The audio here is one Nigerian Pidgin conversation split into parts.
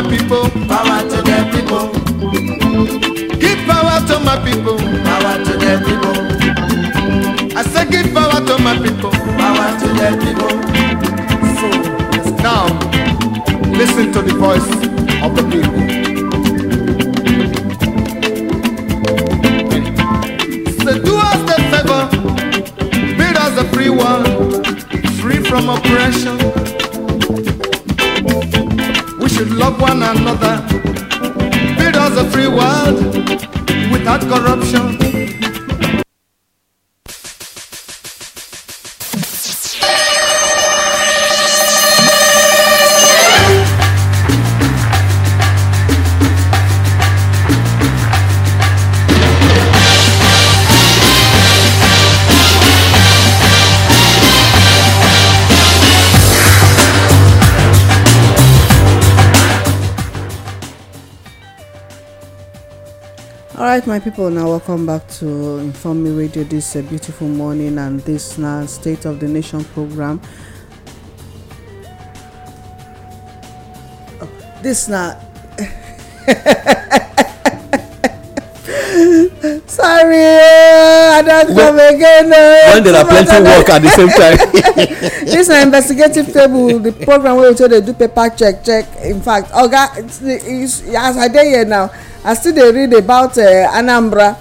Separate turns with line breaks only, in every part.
My people. Power
right my people now welcome back to inform me radio this a beautiful morning and this now state of the nation program oh, this now others when, come again. Uh, when there are plenty of work at the same time. this is an investigative table the program wey we tell dey do paper check check in fact oga as i dey here now i still dey read about uh, anambra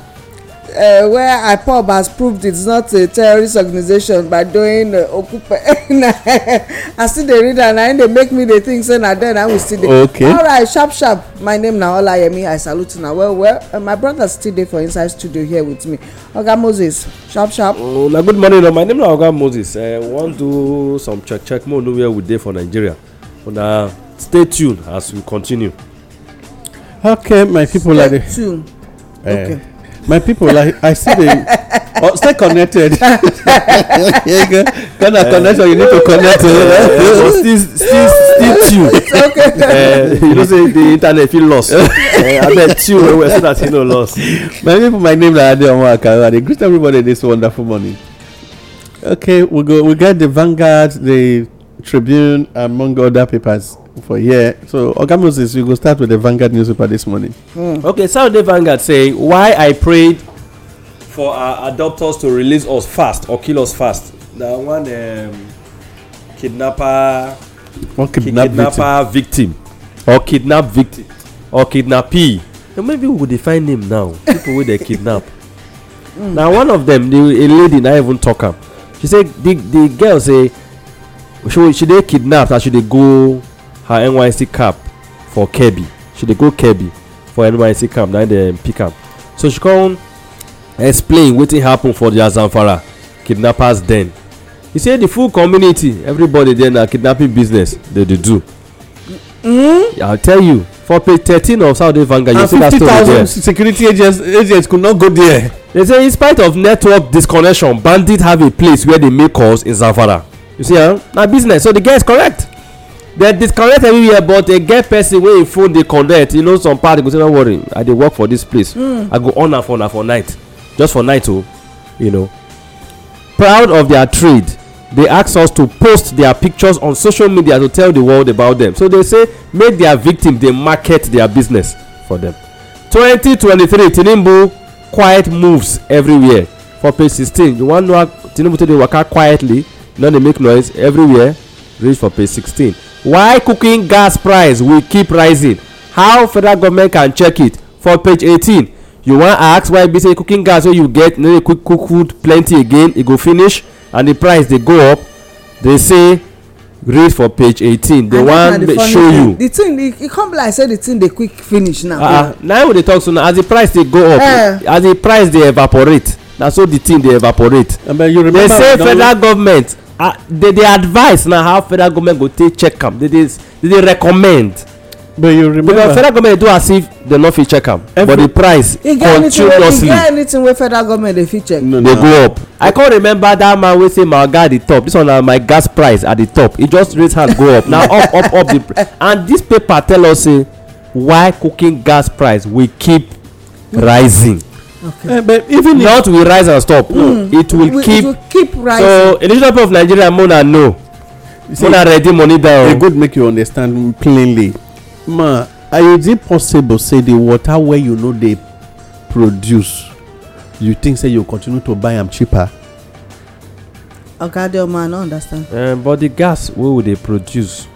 uh, where ipob has proved it's not a terrorist organization by doing uh, okupe i see the reader am and e dey make me the think say na there na we still dey. okay alright sharp sharp my name now. olayemi i salute now. well well uh, my brother's still there for inside studio here with me oga moses sharp sharp. una oh, good morning o
my name na oga moses i eh, wan do some check check more we know where we dey for nigeria una stay tuned as we continue. okay my people like. stay tuned eh, okay my people like i see the oh, stay connected kind of connection you need to connect to uh, still still still tune uh, you know say the internet fit lost uh, eh, abeg tune well well so that you no lost. my people my name na adeomo akaro i dey greet everybody this wonderful morning okay we go we get the vanguard the tribune among other papers for here. So, Ogamo says we go start with the Vanguard newspaper this morning. Mm. Okay, Saturday Vanguard saying why I prayed for our adopters to release us fast or kill us fast. That one um, kidnapper, or kidnap kidnapper victim. victim or kidnap victim or kidnappee. So maybe we go define him now. People wey dey kidnap. Mm. na one of them the a lady na even talk am she say the the girl say she she dey kidnapped and she dey go her nyc cap for kirby she dey go kirby for nyc camp na dem pick am so she come explain wetin happen for the zamfara kidnappers den e say the full community everybody there na kidnapping business dem dey do hmm? i tell you for page thirteen of saudi vanguard you see that story there and fifty thousand security agents agents could not go there. they say in spite of network disconnection bandits have a place where they make calls in zamfara you see ah na business so the guy is correct dem disconnect everywhere but dey get person wey e phone dey connect you know some part go say no worry i dey work for dis place hmm. i go on am for na for night just for night o oh, you know proud of their trade they ask us to post their pictures on social media to tell the world about them so they say make their victim dey market their business for them 2023 tinubu quiet moves everywhere for page 16 you wan know how tinubu take dey waka quietly no dey make noise everywhere reach for page 16 why cooking gas price will keep rising how federal government can check it for page eighteen, you wan ask why be say cooking gas wey you get no dey quick cook food plenty again e go finish and the price dey go up dey say read for page eighteen. dey wan show you. the
thing e come be like say the thing dey quick
finish now. Uh, ah, ah. na we dey talk so now as the price dey go up uh, as the price dey evaporate na so the thing dey evaporate. they say federal government Ah, they dey advise na how federal government go take check am they dey recommend but you remember because federal government do as if dem no fit check am but the price continuously e get
anything wey federal government dey
fit check No, no, dey go up i con remember that man wey say my guy at di top This one na my gas price at the top e just raise hand go up na up up up the price and this paper tell us say why cooking gas price will keep rising okay. uh, but even not will rise and stop mm, it, will we, keep, it will keep rising so initial people of nigeria mona know
mona ready money down. e
good make you understand plainly ma is it possible say the water wey you no dey produce you think say you continue to buy am cheaper.
oga adeoma i no understand.
Uh, but the gas wey we dey produce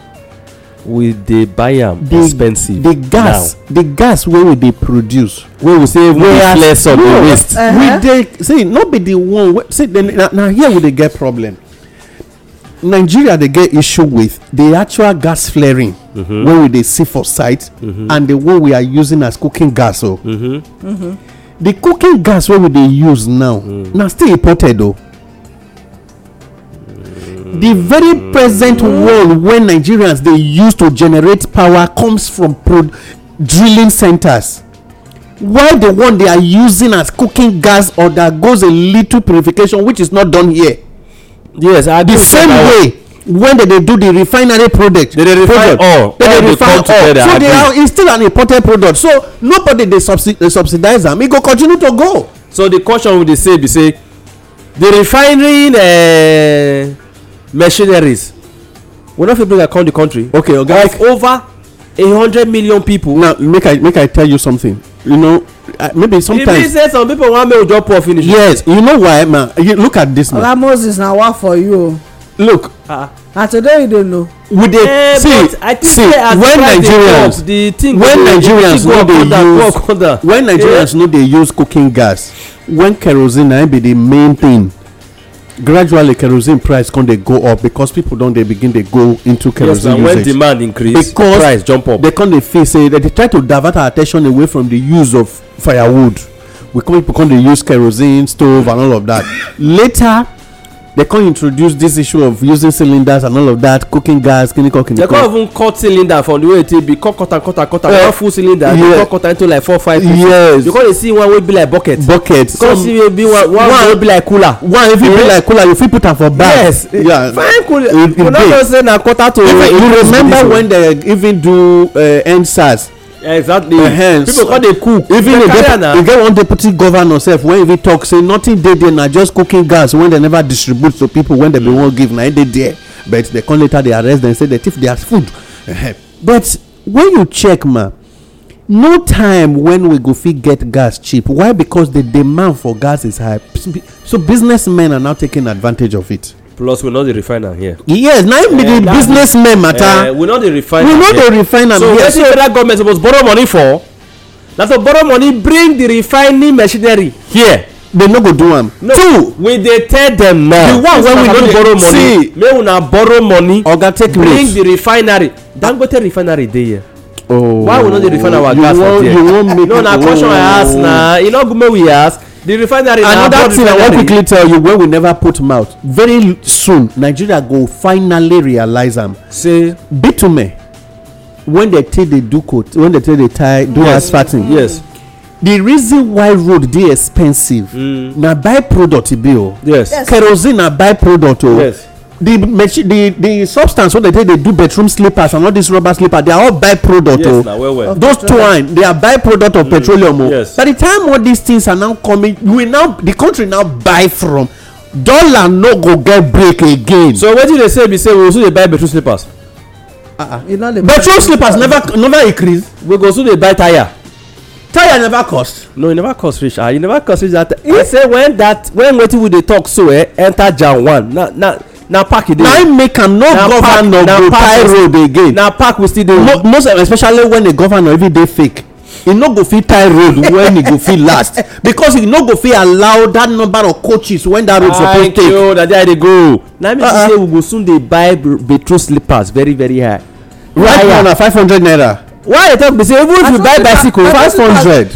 we dey buy am expensive the gas the gas wey we dey produce wey we say we clear some the waste we uh-huh. dey say no be the one wey say na here we dey get problem nigeria dey get issue with the actual gas flaring
mm-hmm. wey we
dey see for site mm-hmm. and the one we are using as cooking gas o oh.
mm-hmm.
the cooking gas wey we dey use now mm. na still imported o oh the very present world wey nigerians dey use to generate power comes from pro drilling centers while the one they are using as cooking gas or that goes a little purification which is not done here yes i the same way when they, they do the refinery product they, they refine product, all they, all they refine all together, so they are still an imported product so nobody dey subsidi dey subsidize am e go continue to go. so the question we dey say be say the refinery uh, mercenaries we no fit bring account the country okay oga of over a hundred million people. now make i make i tell you something you know uh, maybe sometimes. e mean say some people wan make ojo poor finish. yes you know why ma you look at this man. oga
moses na wa for you look. Uh, na today you dey know. we dey eh, see see when nigerians
when eh? nigerians no dey use when nigerians no dey use cooking gas when kerosene na be the main thing gradually kerosene price come dey go up because people don dey begin dey go into kerosene usage yes when demand increase because price jump up they come dey feel say they dey try to divert our attention away from the use of firewood we come people come dey use kerosene stove and all of that later they can't introduce this issue of using cylinders and all of that cooking gas clinical clinical. they can't even cut cylinder from the way it be cut cut and cut and cut eh, and one full cylinder yeah. cut cut into like four five pieces. yes you come see one wey be like bucket. bucket you come see be one one wey be like cooler. one if you be eh? like cooler you fit put am for bag. yes yeah. fine cooler you no know say na quarter to. even you remember when they even do uh, end exactly uh-huh. people come dey cook even e ah. get one deputy governor sef wey even talk say nothing dey there na just cooking gas wey dem never distribute to people wey dem mm. bin wan give na e dey there but dem come later dey arrest dem say dem thief their food uh-huh. but when you check ma no time when we go fit get gas cheap why because the demand for gas is high so businessmen are now taking advantage of it plus we no dey refine am here yes na im be di businessmen matter eh, we no dey refine am here so wetin federal government suppose borrow money for na to borrow money bring the refining machinery here They no go do am two we dey tell dem now the one wey we no borrow money See, make una borrow money oga take note bring the refinery dangote refinery dey here why we oh. no dey refine our gas for there no na question i ask oh. na e no go make we ask the refinery another thing i wan quickly tell you wey we never put mouth very soon nigeria go finally realize am um, say bitumen when they take dey do coat when they take dey tie do asphalting yes the reason why road dey expensive mm. na by product e be o oh. kerosene na by product o oh the the the substance wey dey take dey do bedroom slippers and all these rubber slippers they are all byproduct o yes oh. na
well well those twine
they are byproduct of mm, petroleum o oh. yes by the time all these things are now coming we now the country now buy from dollar no go get break again. so wetin dey say be say we also dey buy bedroom slippers. Uh -uh. petrol slippers never never increase. we go also dey buy tyre. tyre never cost. no e never cost reach ah e never cost reach that. e say when that when wetin we dey talk so eh enter jan one na na na park e dey na im make am no governor go tie road again na park we still dey most especially when a governor even dey fake e no go fit tie road when e go fit last because e no go fit allow that number of coaches when that road suppose take thank you na there i dey go na me uh-uh. say we go soon dey buy betrothed slippers very very high right now na five hundred naira why you talk be say even if you buy bicycle five hundred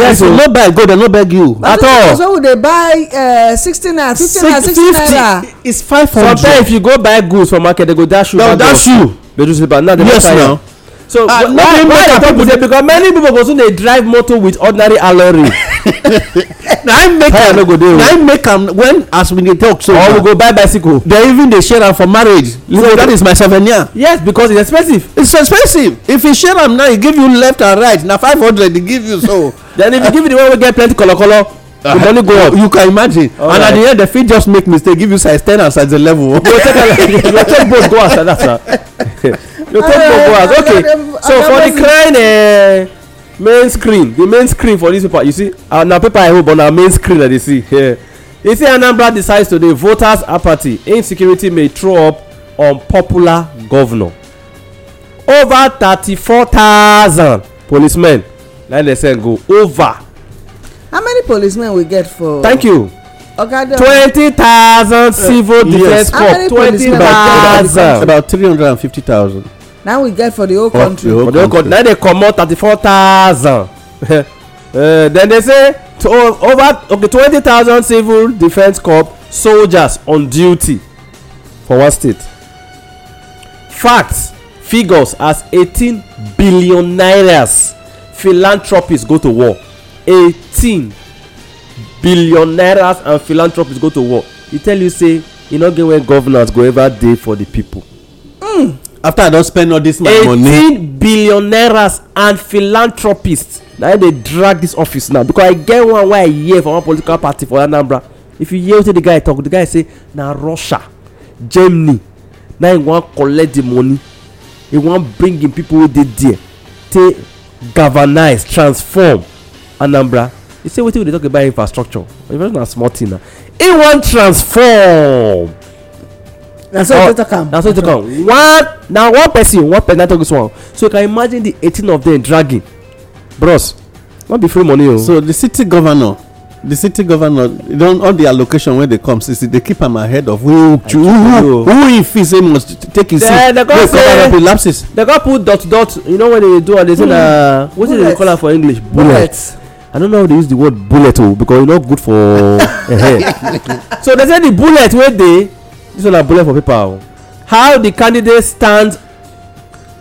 yes o no buy go dem no beg you at all
so we dey buy uh, sixty naira fifty naira sixty naira
it's five hundred sometimes if you go buy goods for market they go dash you they go dash you they do say but now they no tire yes now so ah, why why di people dey because many people go soon dey drive motor with ordinary alloy rim na im make am na oh. im make am when as we dey talk so or we go buy bicycle dem even dey share am for marriage so that is my souvenir yes because it's expensive it's expensive if you share am now e give you left and right na five hundred e give you so then if you give the one wey get plenty color color the uh-huh. money go up you can imagine and at the end dem fit just make mistake give you size ten and size eleven. you go take both go as that sir you take photographs eh, okay so for the crying uh, main screen the main screen for this paper you see uh, na paper i hold but na main screen i dey see here you see anambra decides today voters apathy insecurity may throw up unpopular governor over thirty-four thousand policemen na dey send go over.
how many policemen we get for. thank you. oga twenty
thousand civil defence corps twenty thousand. about three hundred and fifty thousand
now we get for the whole country
for the whole country now they comot thirty-four thousand eh, then they say to, over okay twenty thousand civil defence corps soldiers on duty for one state facts figures as eighteen billion nairas philanthropists go to war eighteen billion nairas and philanthropists go to war e tell you say e no get where governance go ever dey for the people. Mm after i don spend all this my money. eighteen billionaires and philanthropists na dey drag this office now because i get one wey i hear from one political party for anambra if you hear wetin the guy talk the guy say na russia germany na him wan collect the money he wan bring him people wey dey there take galvanize transform anambra you say wetin we dey talk about infrastructure infrastructure na small thing na he wan transform na so e take am na so e take am one na one person one person na talk this one so you can imagine the eighteen of them dragging bros no be free money o. Oh. so the city governor the city governor don all the allocation wey dey come since dey keep am ahead of who who who oh. who e feel say must take his seat wey cover up the lapses. dem go put dot dot you know when they do all they say hmm. na wetin dem dey call am for english bullet i don't know how to use the word bullet o oh, because e no good for. Eh, eh. so they say the bullet wey dey this one na bullet for paper oh. how the candidate stand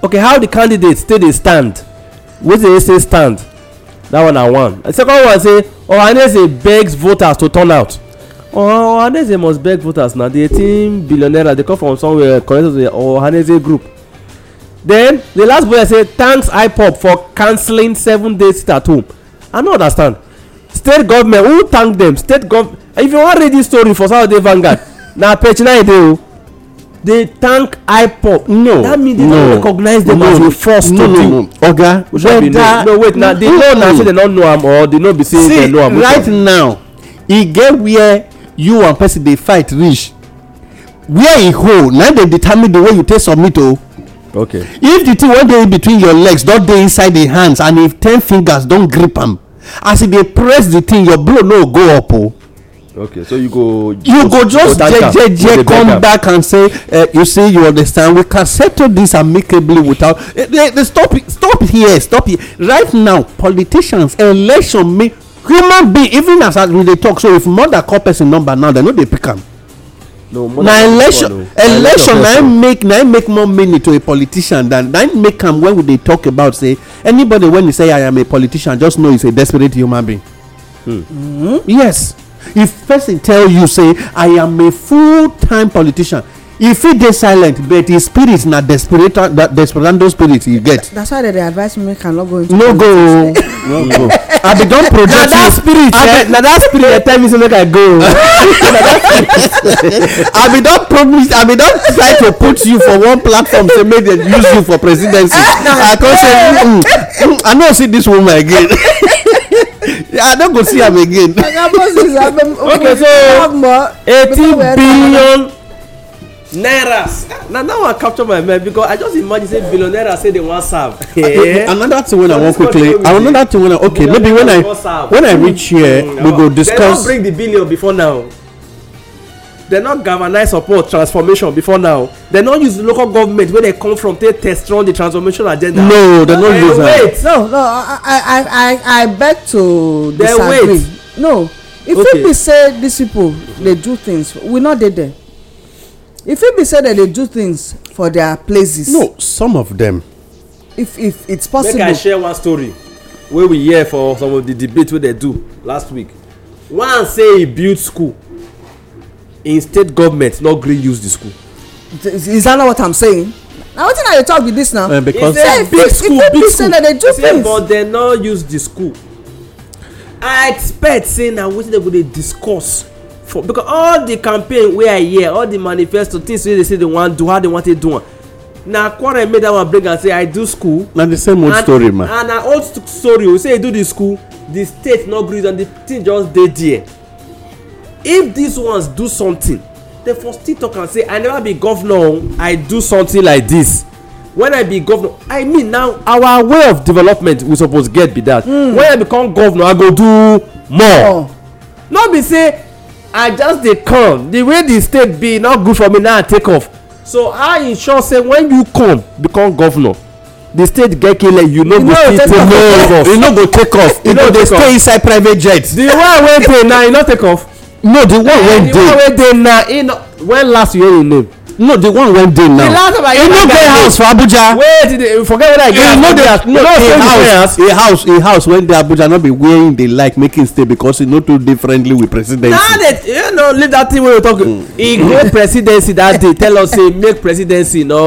okay how the candidate still dey stand wetin dey say stand that one na one the second one say ohaneze begs voters to turn out ohaneze must beg voters na The eighteen billionaire dey come from somewhere connected to the ohaneze group then the last bullet say thanks ipob for cancelling seven days sit at home i no understand state government who thank them? state government if you wan read this story for saturday vanguard na page nine dey o they thank ipop no that mean they no, recognize them no, as a force no, to no, do no. oga whether no wait na the law na say they no know am or they no be say they know am see right now e get where you and person dey fight reach where e hold na dey determine the way you take submit o. okay if the thing wey dey between your legs don dey inside the hands and if ten fingers don grip am as e dey press the thing your blow no go up o. Oh okay so you go. you go, go just jejeje come back and say uh, you see you understand we can settle this amicably without uh, eh, they, eh, stop stop here stop here right now politicians election me human being even as we dey talk so if more than call person number now dem no dey pick am. no more na election election na im make na im make more meaning to a politician than na im make am when we dey talk about say anybody when he say i am a politician just know he's a desperate human being. Hmm. Mm -hmm. yes if person tell you say i am a full time politician e fit dey silent but his spirit na desperado spirit you get
that's why dem advise me make i no go into no
go no go i be don project you na that spirit eh na that spirit dey tell me say make i go i be don promise i be don try to put you for one platform say make dem use you for presidency i come say eh? mm, mm, mm, i no see this woman again i don't go see am again okay so eighty billion naira. na now i capture my mind because i just imagine say billionaire say they wan serve. Yeah. another thing when i wan quickly another thing wey i okay maybe when i when i reach here we go discuss. dem don bring the billion before now dem no galvanize support transformation before now dem no use local government wey dey come from take test run the transformation agenda no dem no use am
no no i i i i beg to disagree no e fit be say these people dey do things we no dey there e fit be say dem dey do things
for their places no some of dem if if it's possible make i share one story wey we hear for some of the debate wey dem do last week one say e build school In state government no gree use the school.
is that not what i'm saying na wetin i dey talk be this now. Uh, because say big school big school say dey do things. but dem
no use the school i expect say na wetin dem go dey discuss for because all the campaign wey i hear all the manifesto things wey dey say they wan do how they wan take do am na quarrel make that one break am say i do school. na the same old and, story ma. and na old story o say you do the school the state no gree and the thing just dey there if these ones do something dem for still talk am say i never be governor i do something like this when i be governor i mean now our way of development we suppose get be that mm. when i become governor i go do more oh. no be say i just dey come the way the state be no good for me now i take off so i ensure say when you come become governor the state get kele you no go fit take off you no go take off you go dey stay inside private jet. the one wey pay now you no take off no the one eh, wey dey the one wey dey na e no when last you hear im name. no the one wey dey now e no get house for abuja wait forget whether i get house no house a house a house wey dey abuja no be where im dey like make im stay because e no too dey friendly with presidency now that you know leave that thing wey we talk He mm. go presidency that day tell us say make presidency no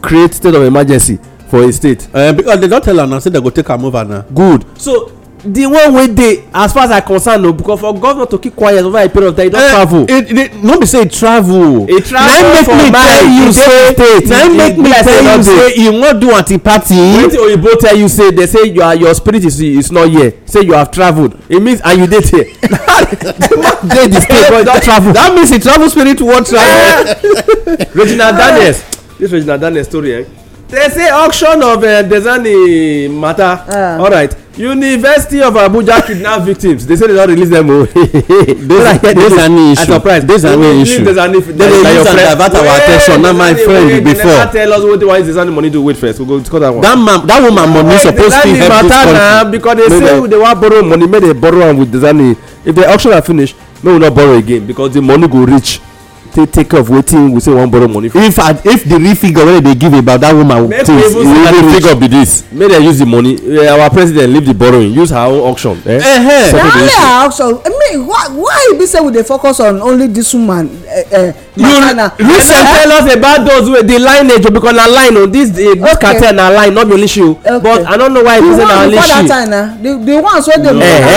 create state of emergency for a state eh, because they don tell am now say dem go take am over now good so the one wey dey as far as i concern o because for governor to keep quiet over a period of time e don eh, travel. no be say e travel o. travel for my e dey state na im make me tell you say e wan do anti party. wetin oyibo tell you say dey say your your spirit is is not here say you have travelled e means and you dey there. the man dey the state but e don travel. that means e travel spirit wan travel. Eh. reginald daniels this reginald daniels story eh they say auction of uh, eh, desani matter uh. right, university of abuja kidnap victims they say they don release them o oh. those are those are new issue those are new issue those are new issue those your friend divert our attention my friend before they never tell us wetin why desani money do wait first we go discuss that one that man that woman money suppose fit help this country na because they say they wan borrow money make they borrow am with desani if the auction are finished, make we no borrow again because the money go reach take take of wetin we say we wan borrow money from. if at if the real figure wey dey give about that woman things e no real figure be this make dem use the money uh, our president leave the borrowing use her own auction. Eh? Uh -huh. na only her
auction wetin why why e be say we dey focus on only this woman matter eh, na. Eh, you reason eh? tell us
about those wey dey lineage o because na line o this dey this cartel na line no be only she o but i no know why e be say na only she. the one before that time
na the the ones wey dey. Eh,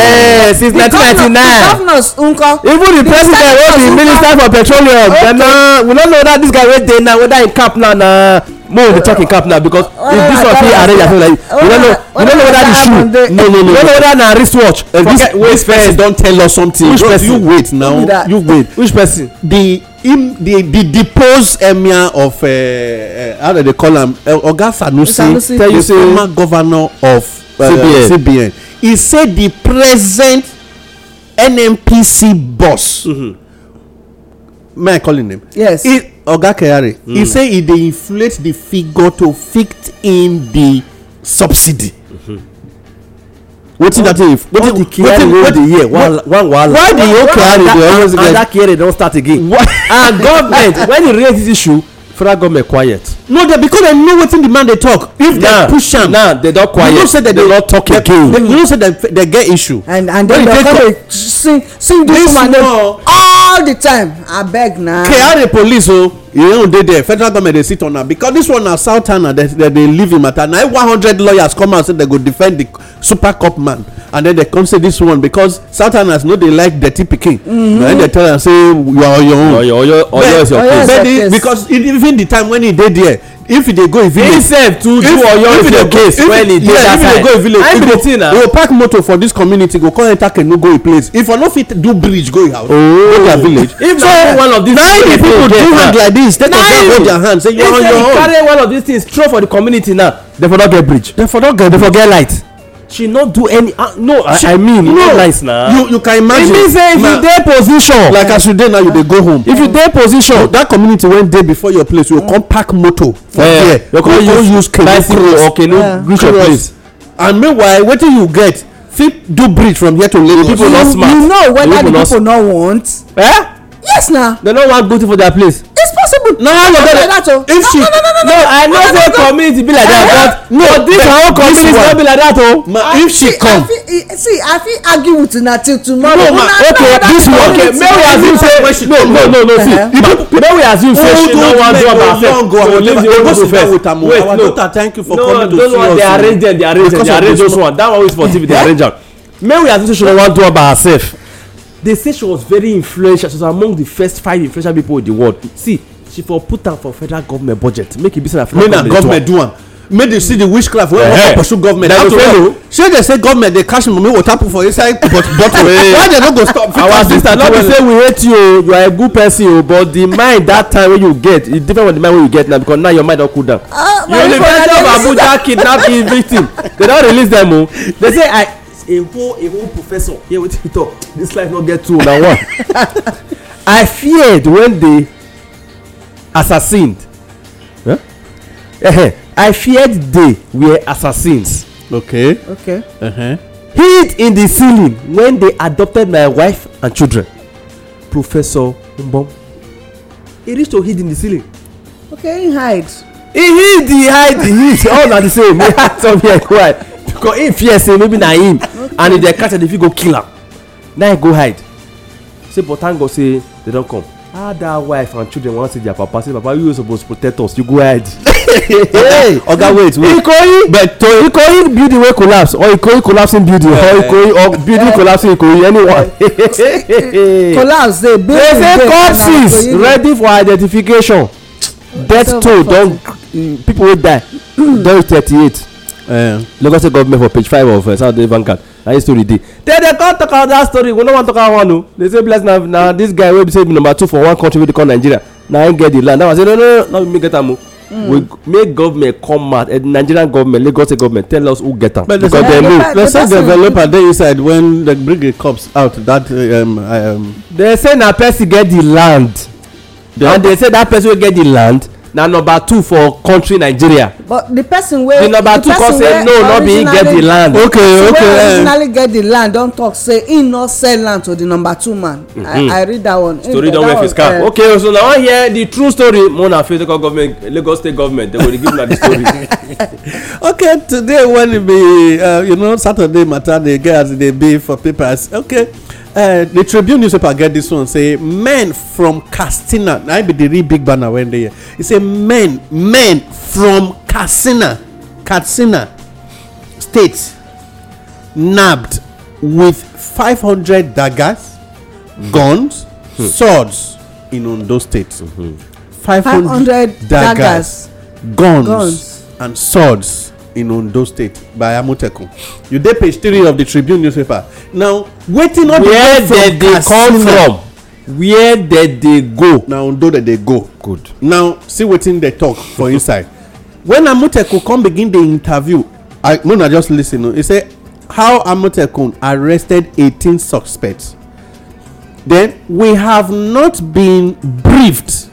eh, since nineteen ninety nine
the even the president wey be minister for petroleum dem na we no know that this guy wey dey now whether he cap now na more on the talking cap now because if this one fit arrange yourself like you you no know you no know whether the shoe no no no you no know whether na wristwatch uh, this this person don tell us something which person you wait now you wait which person the him the the deposed emir of uh, uh, how do they call am uh, oga sanusi tell you say former governor of uh, cbn cbn he say the present nnpc boss mm -hmm. may i call him name yes he oga kyari mm. he say he dey inflate the figure to fit in the subsidy mm-hmm. wetin dat if wetin the kyari wey dey here one wahala why the whole kyari dey always get and that kyari don start again and government when e raise this issue federal government quiet no dey because dem know wetin the man dey talk if dem push am now dem don quiet you know say dem dey not talk again you know say dem get issue
and and dem dey come dey sing sing dis woman name all the time abeg na. kehare
police o. Oh e don dey there federal government dey sit on am because this one na south tana dem dey leave im matter na one hundred lawyers come out say dem go defend the super cup man and then dem come say this one because south tanas no dey like dirty pikin na dem mm-hmm. tell am say you are on your own oyo oyo oyo is your place but the because even the time when he dey there if e dey go village himself too do oyo is your place when he dey that time yeah if e dey go village i be the we go park motor for this community go come enter canoe go e place if i no fit do bridge go e house oh. go their village if na one of these people dey there police take exam hold their hand say you are on your own. carry one of these things throw for the community now dem for don get bridge. dem for don get dem for get light. she no do any uh, no she, i mean no nice na. you you can imagine. It mean say if na, you dey position. like as you dey now you dey go home. if you dey position. No, that community wey dey before your place you go come park motor. for yeah, there you go come use canoe cross or canoe yeah. reach your place. and meanwhile wetin you get fit do bridge from here to lagos. the people no smart. you know whether the people no want. Eh? yes na. They no wan go to for their place is possible. Oh. no, no, no, no, no! if she no i know say community be like that but no this our own community no be like that o oh. if she come.
see i fit argue with una till tomorrow. no ma okay this one okay may we assume say no no no no see
may we assume say she no wan do am herself so leave the old people first wait no no those one dey arrange them dey arrange them dey arrange those one that one wey is for tv dey arrange am may we assume say she no wan do am by herself they say she was very influential she was among the first five influential people in the world see she for put am for federal government budget make e be say na federal government, government do am make they see the witchcraft wey wan yeah. pursue government how to follow shey they say government dey cash money water put for inside but bottle why they no go stop our sister no be say we hate you o you are a good person o oh, but the mind that time wey you get e different from the mind wey you get now because now your mind don cool down uh, you university of abuja kidnap the victim they don release them o oh. they say i a whole a whole professor hear wetin you talk this life no get two na one i feared when they assassined huh? i feared they were assassins. okay okay uh -huh. hid in the ceiling when they adopted my wife and children professor mbom he reach to hid in the ceiling.
okay he hide.
he hid he hide he hid all na the same he hide somewhere quiet because he fear say maybe na him and if they catch am dem fit go kill am Now him go hide say but thank god say they don come ah that wife and children wan see their papa say papa you suppose protect us you go hide hey oga wait wait ikoyi but to ikoyi building wey collapse or ikoyi collapsing building or ikoyi or building collapsing ikoyi anyone
collapse dey building dey say corpses
ready for identification death toll don people wey die don thirty-eight Eh. lagos state government for page five of eh, saturday vanguard na him story dey dem dey come talk about that story we no wan talk about one o oh. dey say bless na na this guy wey be say be number two for one country wey dey call nigeria na him get the land that one say no no no me get am o oh. mm. we make government come out eh, nigerian government lagos state government tell us who get am because they know dem say developer dey inside when they bring the cops out that um, um. They say na person get the land and they say that person wey get the land na number two for country nigeria
but the person wey the number two come say no no be him get the land okay okay wey eh. originally get the land don talk say he no sell land to the number two man i mm-hmm. i read that one eh, story don wear face cap
okay so na one hear the true story more na federal government lagos state government dem go dey give una the story. okay today when e be uh, you know saturday matter dey get as e dey be for papers okay. Eh, the tribune newspaper get this one say men from katsina na be the real big banner wey dey here e say men men from katsina katsina state nabbed with 500 daggers mm-hmm. guns hmm. swords in ondo state 500 mm-hmm. daggers guns and swords in ondo state by amotekun you dey page three of the tribune newspaper now wetin all the come from katsina where dem dey go na ondo dem dey go good now see wetin dem talk for inside when amotekun come begin dey interview i no na just lis ten o e say how amotekun arrested eighteen suspects then we have not been briefed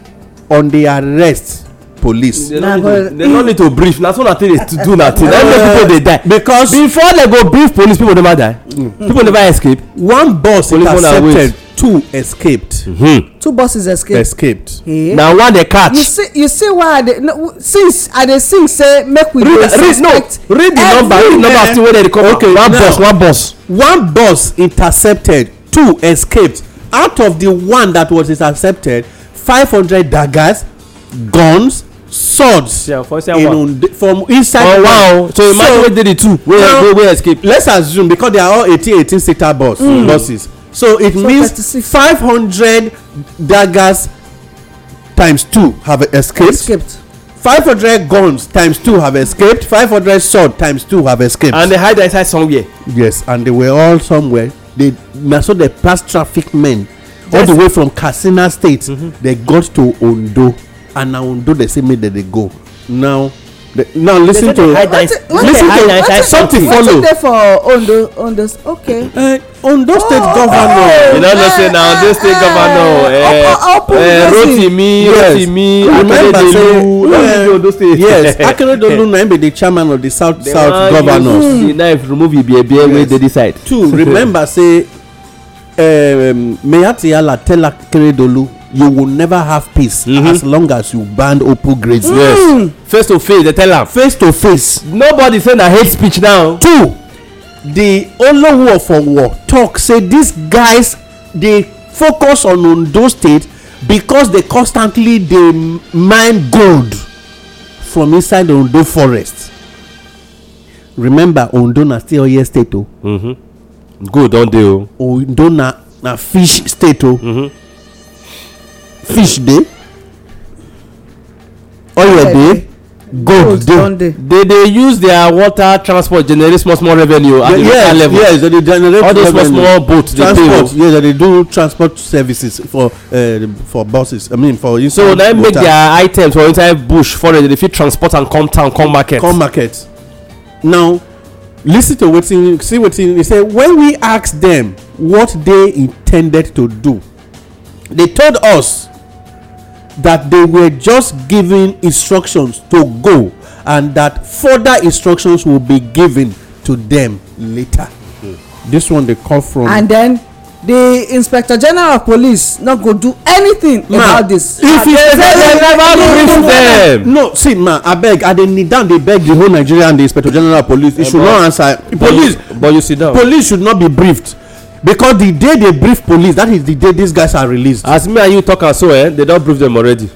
on the arrest police they no need to brief na so na thing dey do na thing na make people dey die because before they go brief police people never die people never escape one bus intercepted two escaped mm-hmm.
two buses escaped
escaped eh? na one dey catch you
see you see why i dey since i dey sing say make we dey suspect read no read the number read the number still wey dey come okay one bus one
bus one bus intercepted two escaped out of the one that was intercepted five hundred daggers guns swords in from inside oh, wow. so imagine so, wey dey the two wey now, wey escape. let's assume because they are all eighteen eighteen seater bus mm. buses so it so means five hundred daggers times two have escaped. Five hundred guns times two have escaped Five hundred sword times two have escaped. and they hide inside somewhere. yes and they were all somewhere they na so they pass traffic men yes. all the way from katsina state mm -hmm. they got to ondo and i will do the same way that they go now the, now lis ten to lis ten to something follow. wetin dey
for ondo ondo okay. Uh, ondo oh, state oh, governor. Oh, you don know
say na eh, eh, oh, ondo state governor rotimi yes. rotimi akeredolu ondo state. yes akeredolu na him be the chairman of the south south governors. the knife remove ibiebie wey dey this side. two remember say um, meyati ala tell akeredolu you will never have peace mm -hmm. as long as you ban open grades. Mm. yes face to face they tell am. face to face. nobody say na hate speech now. two the olowo for war talk say these guys dey focus on ondo state because they constantly dey mine gold from inside ondo forest remember ondo na still oil state o. Oh. Mm -hmm. gold don dey o. ondo na na fish state o. Oh. Mm -hmm fish dey oil dey gold dey they dey use their water transport generate small small revenue at the local level yes they dey generate all those small small boats dey pay o yes they dey do transport services for eh, for buses i mean for inside water so na make their items for inside bush forage dey fit transport am come town come market come market now listen to wetin see wetin he say when we ask dem what dey intended to do they told us that they were just giving instructions to go and that further instructions will be given to them later. Mm. This one they call from.
And then the inspector general of police not go do anything ma, about this. if he say they never brief
them. no see ma I beg. i dey kneel down They beg the whole Nigerian the inspector general of police he yeah, should but, not answer police but you, but you sit down police should not be briefed because the day they brief police that is the day these guys are released. as me and you talk am so eh they don brief them already.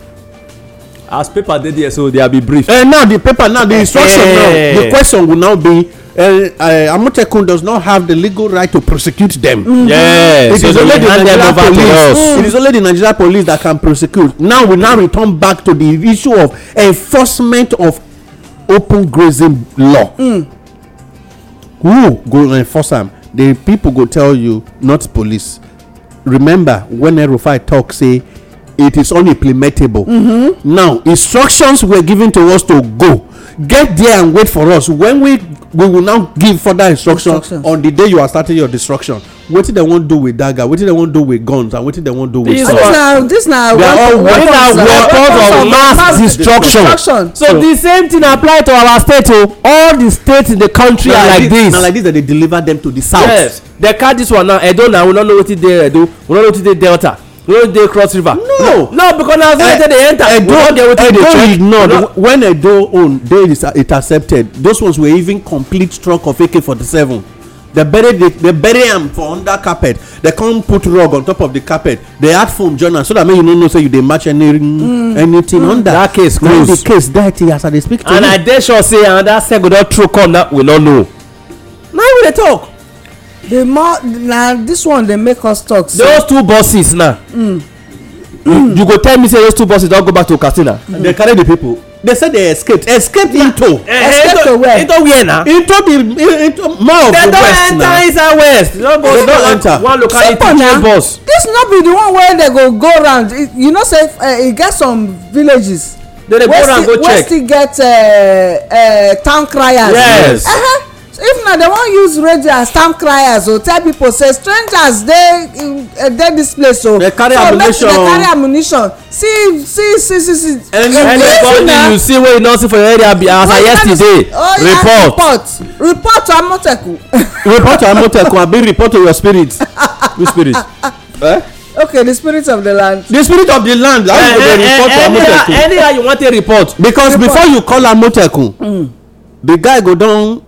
as paper dey there so they are be brief. Uh, eh, now the paper now the instruction hey. now the eh. question will now be uh, uh, Amotekun does not have the legal right to prosecute them. Mm-hmm. Yes, it so is only the Nigerian police. Mm. It is only the Nigerian police that can prosecute. Now we now return back to the issue of enforcement of open grazing law. Mm. Who go enforce them? the people go tell you not police remember when erufai talk say it is unimplementable mm-hmm. now instructions were given to us to go get there and wait for us when we we will now give further instruction instructions on the day you are starting your destruction wetin dem wan do with dagger wetin dem wan do with guns and wetin dem wan do with these swords these na these na weapons, weapons of mass destruction, destruction. So, so the same thing apply to our state o oh. all the states in the country are like this na like this dem dey deliver them to the south. yes dem carry this one now edo na we no know wetin dey edo we no know wetin dey delta we no dey cross river. no no because na so wetin dey enter edo edo is not when edo own dey intercepted those ones were even complete truck of ak forty-seven they bury the they bury am for under carpet they come put rug on top of the carpet they add foam join am so that make you no know say you dey match any mm. anything mm. under that case close na the case that as i dey speak to you and i dey sure say another circle don throw come that we no know
na we dey talk the more na this one dey make us talk so those
two buses na mm. you go tell me say those two buses don go back to katsina and dem carry the people they say they escaped escaped yeah. into eh, eh, escaped into, to where into where na into
the into
more of the west na they don enter inside west they don go they don enter one locality change bus
this no be the one wey they go go round you know say uh, e get some villages they dey go round go check wey still get uh, uh, town criers yes. Uh -huh if na dem wan use radio as town criers o oh. tell pipo say strangers dey dey eh, dis place
o oh. so make dem oh. carry
ammunition see see see see see Any anybody you see
wey you don see for your area be as i yesterday report report
report to amoteku
report to amoteku and bring report to your spirit your spirit eh?
okay the spirit of the land
the spirit of the land how you go eh, dey report to amoteku anyhow you wan take report because before you call amoteku hmm. the guy go don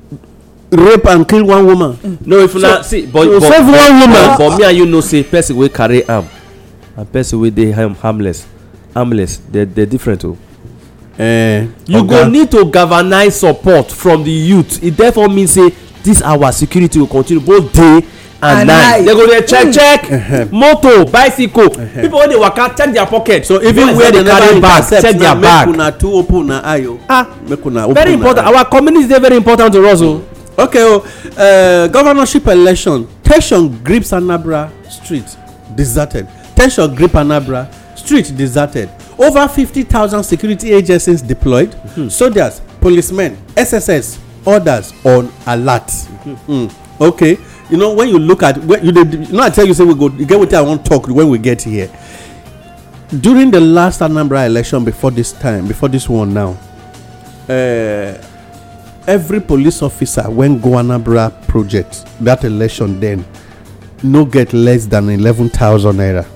rape and kill one woman no if na see but but but but me and you know say person wey carry am and person wey dey um, harmless harmless They they different o Uh, you go need to galvanize support from the youth It therefore mean say this our security go continue both day and night they go dey check mm. check motor bicycle people wey dey waka check their pocket so even where they carry bag check their bag make una too open na eye o ah very important our community dey very important to us o okay o uh, eh, governorship election tension grips sanabra street deserted tension grip anabra street deserted over fifty thousand security agencies deployed mm -hmm. soldiers policemen sss orders on alert mm -hmm. mm. okay you know when you look at when you dey you know i tell you say we go you get wetin i wan talk when we get here during the last anambra election before this time before this one now uh, every police officer when go anambra project that election then no get less than eleven thousand naira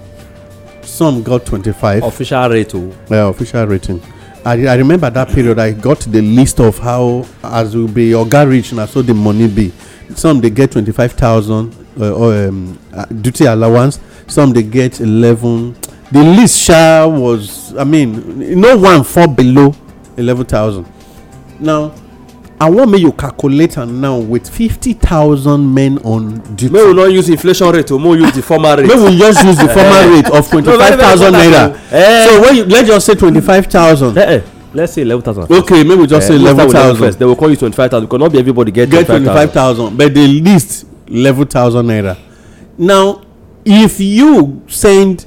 some got twenty five. official rate o oh. yeah official rating i i remember that period i got the list of how as we be oga reach na so the money be some dey get twenty five thousand 25000 uh, um, uh, duty allowance some dey get eleven. the list sha was i mean no one fall below eleven thousand. now I want make you calculate am now with fifty thousand men on duty. May we not use inflation rate o, may we use the formal rate. May we just use the formal eh. rate of twenty-five thousand naira. Eh. So when you let's just say twenty-five thousand. Eh, let's say eleven thousand. okay may we just say eleven thousand. they will call you twenty-five thousand because not be everybody get twenty-five thousand. get twenty-five thousand but the least eleven thousand naira. now if you send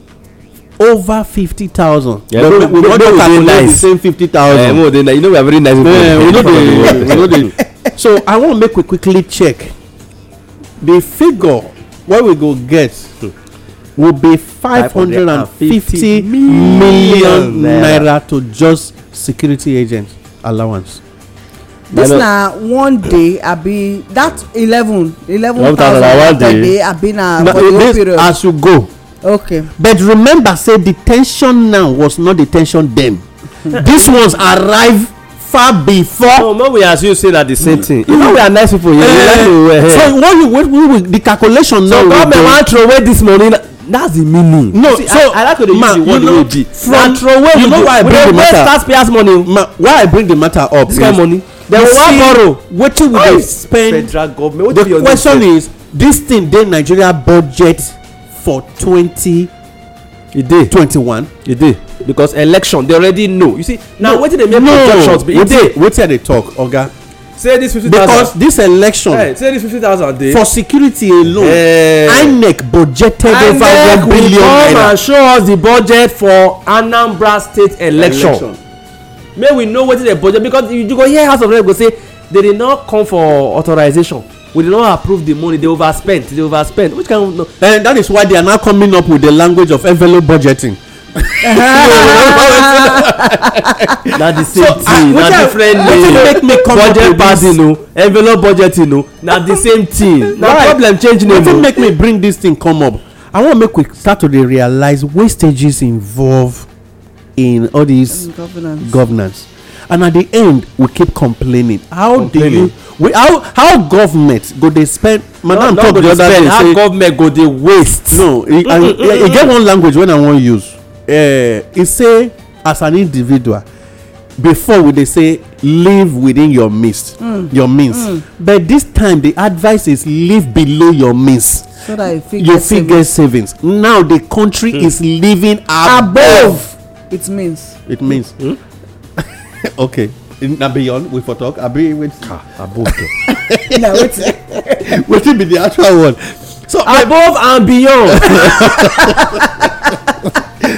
over fifty thousand. yeah but we no dey nice. the same fifty thousand. mo eh, dey you know we are very nice people. yeah we no dey we no dey. so i wan make we quickly check the figure wey we go get will be five hundred and fifty million naira to just security agent allowance. this na
one day abi that eleven eleven thousand per day abi na for the whole period. as you go okay
but remember say the tension now was not the tension then
This ones
arrive far before. no no we assume say na the same thing. Even we are nice people here we like eh, to wear eh, hair. Eh. so when you wait we the calculation now. so government wan throw away this money that's the meaning. no See, so i i like to dey use the word wey be. from na throw away you know why i bring the matter we dey waste taxpayers money. ma why i bring the matter up. this kind money. dem wan borrow. wetin we dey spend. federal government wetin be your name. the question is this thing dey nigeria budget for twenty. e dey twenty-one. e dey because election they already know you see now wetin dey make projections be e dey wetin i dey talk oga say this fifty thousand because this election hey, say this fifty thousand dey for security alone hey. inec budgeted INEC over one billion naira inec will come and show us the budget for anambra state election, election. make we know wetin dey budget because you go hear house of rep go say they dey not come for authorization we did not approve the money they overspent they overspent which kind of. Uh, that is why they are now coming up with the language of envelope budgeting. na the same so, thing na ah, different name make me come budget padding o envelope budgeting o na the same thing na right. problem change name o wetin make me bring this thing come up i wan make we start to dey realize wastages involve in all this governance. governance and at the end we keep complaining how complaining. do you we how how government go dey spend madam talk the other day say how government go dey waste. no e mm, mm, e, mm, e get one language wey i wan use uh, e say as an individual before we dey say live within your means mm. your means mm. but this time the advice is live below your means so that you fit get, savings. get savings now the country mm. is living above, above. it means it means mm. okay. in Abiyon we for talk ah, abi wait ah above na wetin wetin be the actual one so above and beyond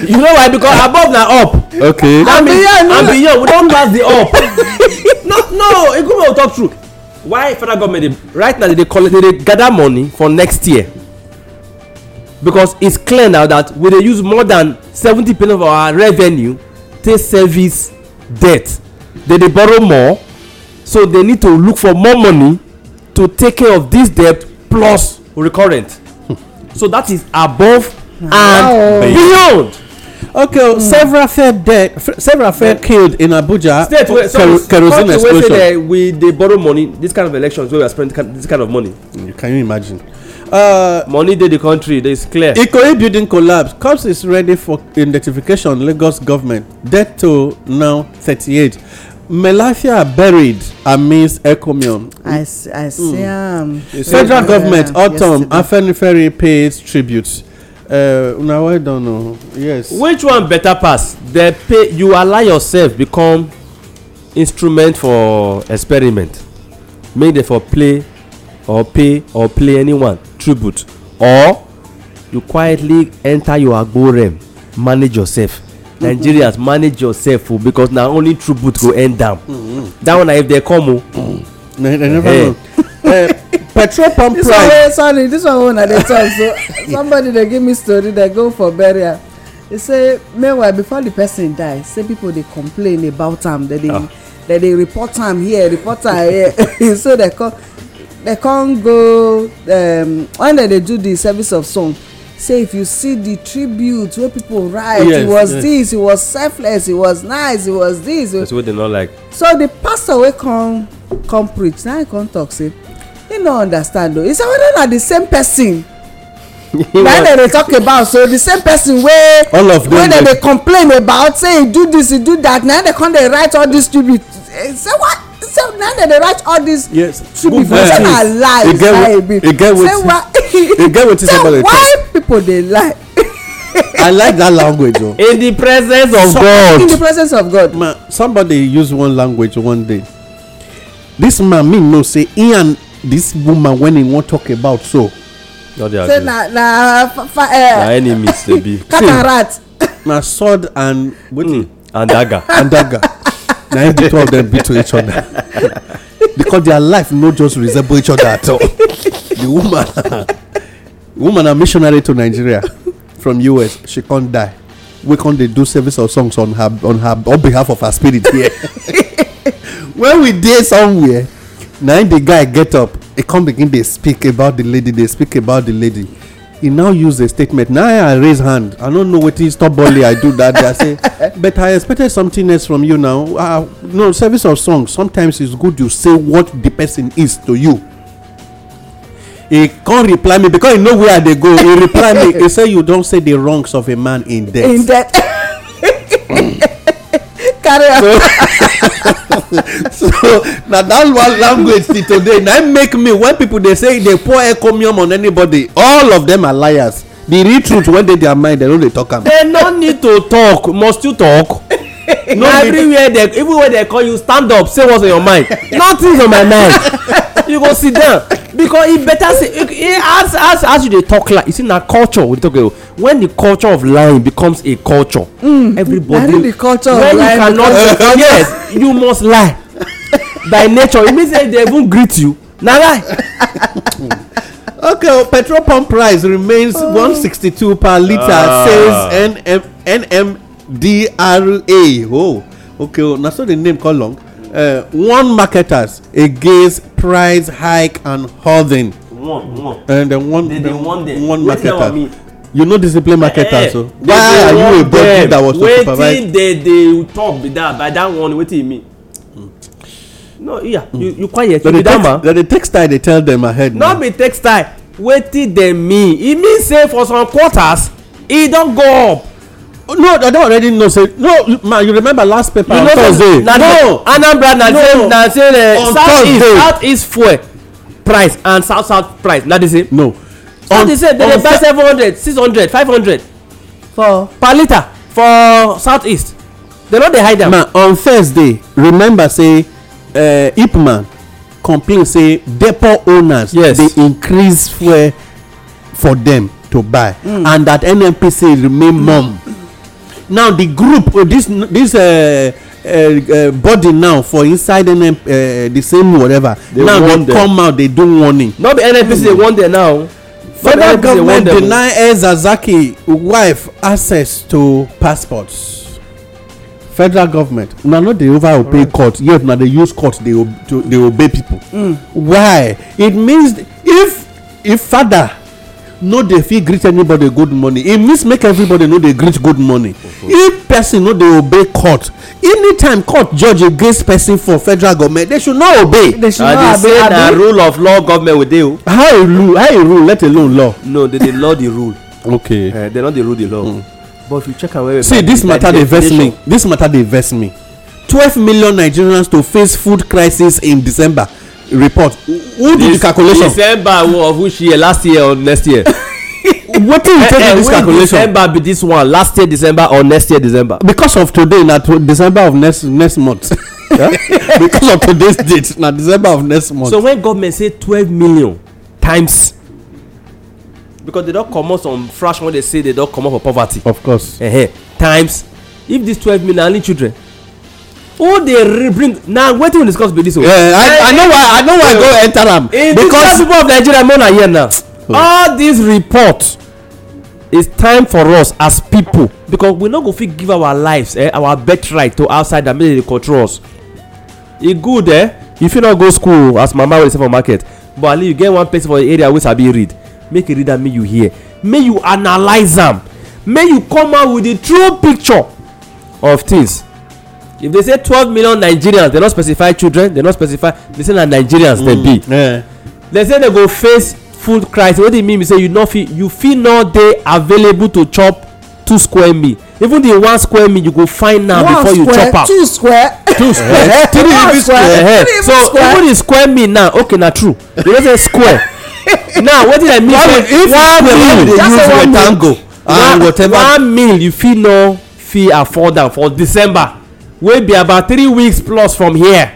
you know why because above now up okay and beyond and beyond we don pass the up no no go we talk true why federal government right now they collect they gather money for next year because it's clear now that we they use more than seventy percent of our revenue take service debt they dey borrow more so they need to look for more money to take care of this debt plus recurrent so that is above wow. and beyond. okay mm. several fair dead several fair killed in abuja state wey so kerosene explosion state wey say we dey borrow money this kind of elections wey we are spending this kind of money. can you imagine. Uh, money dey the country dey clear ikoyi building collapse cops is ready for identification lagos government death toll now thirty eight. melafia buried amidst ecomium. i hmm. see
i see am. federal government autumn
afenifere pays tribute una uh, well done o yes. which one better pass dey pay you allow yourself become instrument for experiment make dey for play or pay or play anyone tribute or you quietly enter your agbo rem manage yourself nigerians manage yourself o because na only tribute go end am that one na if they come o. i never eh. know eh, petrol pump price. sorry
eh, sorry this one wey una dey talk so somebody dey give me story dey go for burial e say meanwhile before the person die say people dey complain about am dem ah. dey report am here report am here so dem come They come go um, when they dey do the service of song say if you see the tribute wey people write yes, it was yes. this it was selfless it was nice it was this. that's what they no like. so the pastor wey come come preach na him come talk say he no understand o he say whether na the same person na they dey talk about so the same person wey all of dem wey dem dey complain about say e do this e do that na dem come dey write all these tribute eh, say what so na dem dey write all these tribute for say na lies lie be say why say why
people dey lie. I like that language. Oh. In the presence of so, God. In the presence of God. Man, somebody use one language one day. This man me know say he and this woman when he won't talk about so say
na na eh. na
enemies dey be cat and na sword and wetin hmm, and dagger and dagger na if the two of them be to each other because their life no just resemble each other at all the woman woman na missionary to nigeria from us she come die wey come dey do service of songs on her on her on behalf of her spirit here when we dey somewhere na im the guy get up He come begin dey speak about the lady dey speak about the lady He now use a statement now i raise hand i no know wetin stubbornly i do that day i say but i expected something else from you now uh, no service of song sometimes it's good you say what the person is to you he come reply me because he know where i dey go he reply me he say you don say the wrongs of a man in death. in death. carry am so na that one language till today na make me when people dey say dey pour encomium on anybody all of them are liars the real truth wey dey their mind dem no dey talk am. dem no need to talk must you talk. no everywhere dem even when dem call you stand up say what's on your mind nothing's on my mind you go sit down because e better say e ask, ask as you dey talk like you see na culture we dey talk about when the culture of lying becomes a culture. Mm, everybody when you cannot yes you must lie by nature it mean say they even greet you na lie. okay oh, petrol pump price remains oh. two per litre ah. says NM, nmdra oh okay oh, na so the name call long uh, one marketers against price hike and holding. one one and then one they, they, one, one marketers you no discipline marketer eh, eh. so why are you a body that was to supervise. wetin dey dey talk be that by that one wetin e mean. no yeah hmm. you you quiet you be that man. na the textile dey tell dem ahead now. no be textile wetin dem mean e mean say for some quarters e don go up. no i don already know say no ma you remember last paper you on thursday na no anambra na no. same na say uh, south east south east fuel price and south south price na the same. no On they say they buy seven hundred six hundred five hundred for per litre for southeast dem no dey hide am. ma on thursday remember say uh, ipman complain say depot owners yes. dey increase fuel for dem to buy mm. and that nnpc remain mum mm. now the group uh, this this uh, uh, body now for inside NM, uh, the same whatever they now they come out they do warning. no be nnpc mm. dey warn them now federal government deny Ezazaki wife access to passports federal government una no dey over obey court yet na dey use court dey obey pipo mm. why it means if if father no dey fit greet anybody good morning e means make everybody no dey greet good morning mm-hmm. if person no dey obey court anytime court judge against person for federal government they should not obey they should not obey say na rule of law government we dey o how e rule how e rule let alone law no they dey law the rule okay uh, they no dey rule the law mm. but if you check am well well see this matter dey vex me this matter dey vex me twelve million nigerians to face food crisis in december report who did the calculation. december of which year last year or next year. wetin you eh, take in eh, this calculation. december be this one last year december or next year december. because of today na december of next next month. because of today's date na december of next month. so when government say twelve million times because they don comot some fraction wey dey say they don comot for poverty. of course. Uh -huh. times if this twelve million na only children who dey bring na wetin we discuss be this o. i I know why i know why i go enter am. because people of nigeria more na here now. Oh. all this report it's time for us as people because we no go fit give our lives eh, our birthright to outside and make dem control us e good eh you fit no go school as mama wey dey sell for market but at you get one person for the area wey sabi read make e read am make you hear make you analyse am make you come out with the true picture of things if they say twelve million nigerians they no specify children they no specify they say na nigerians mm. dem be yeah. they say they go face food crisis wetin e mean be say you no fit you fit no dey available to chop two square meal even the one square meal you go find now before square, you chop am two
square two square three even square so square. even
the square meal now okay na true they don say square
now wetin i mean say one meal just one meal and
one meal you fit no fit afford am for december wey be about three weeks plus from here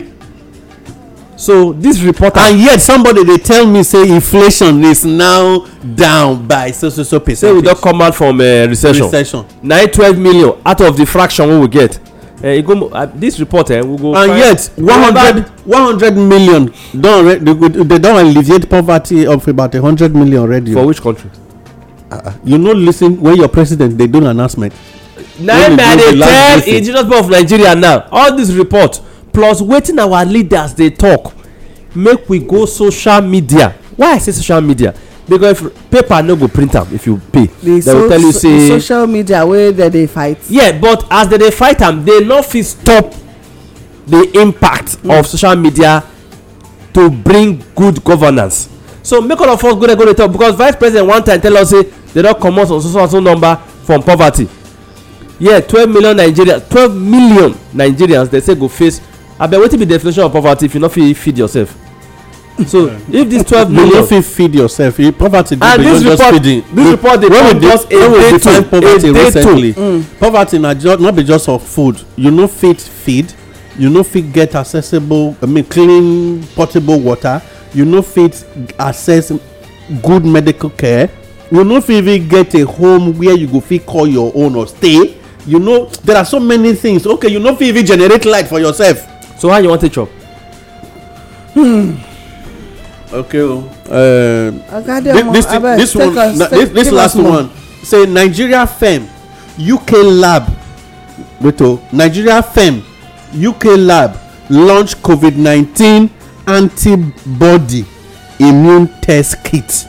so this reporter and yet somebody dey tell me say inflation is now down by so so so percentage say we don come out from uh, recession recession na twelve million out of the fraction wey we get uh, go uh, this report eh, we go. and yet one hundred one hundred million don already they don alleviate poverty of about a hundred million already. for which country. Uh, uh you no lis ten when your president dey do announcement Nine im ten dey indigenous people of nigeria now all these report plus wetin our leaders dey talk make we go social media why i say social media because if paper no go print am if you pay dem will tell you say
social media wey dem dey fight
yeah but as dem dey fight am dem no fit stop the impact mm. of social media to bring good governance so make all of us go there go dey talk because vice president one time tell us say dem don comot on so so so number from poverty yeah twelve million nigerians twelve million nigerians dem say go face abeg wetin be definition of poverty if you no fit feed yourself so if this twelve million you no fit feed yourself if poverty dey be just report, feeding this report dey come just a day to a poverty recently mm. poverty na just no be just of food you no fit feed you no fit get accessible i mean clean portable water you no fit access good medical care you no fit even get a home where you go fit call your own or stay you know there are so many things okay you no fit even generate light for yourself. so how you wan take chop. Hmm. okay o oh, eh, uh, this, this, this one us, this, this last one say nigeria firm uk lab wait o oh, nigeria firm uk lab launch covid-19 antibody immune test kit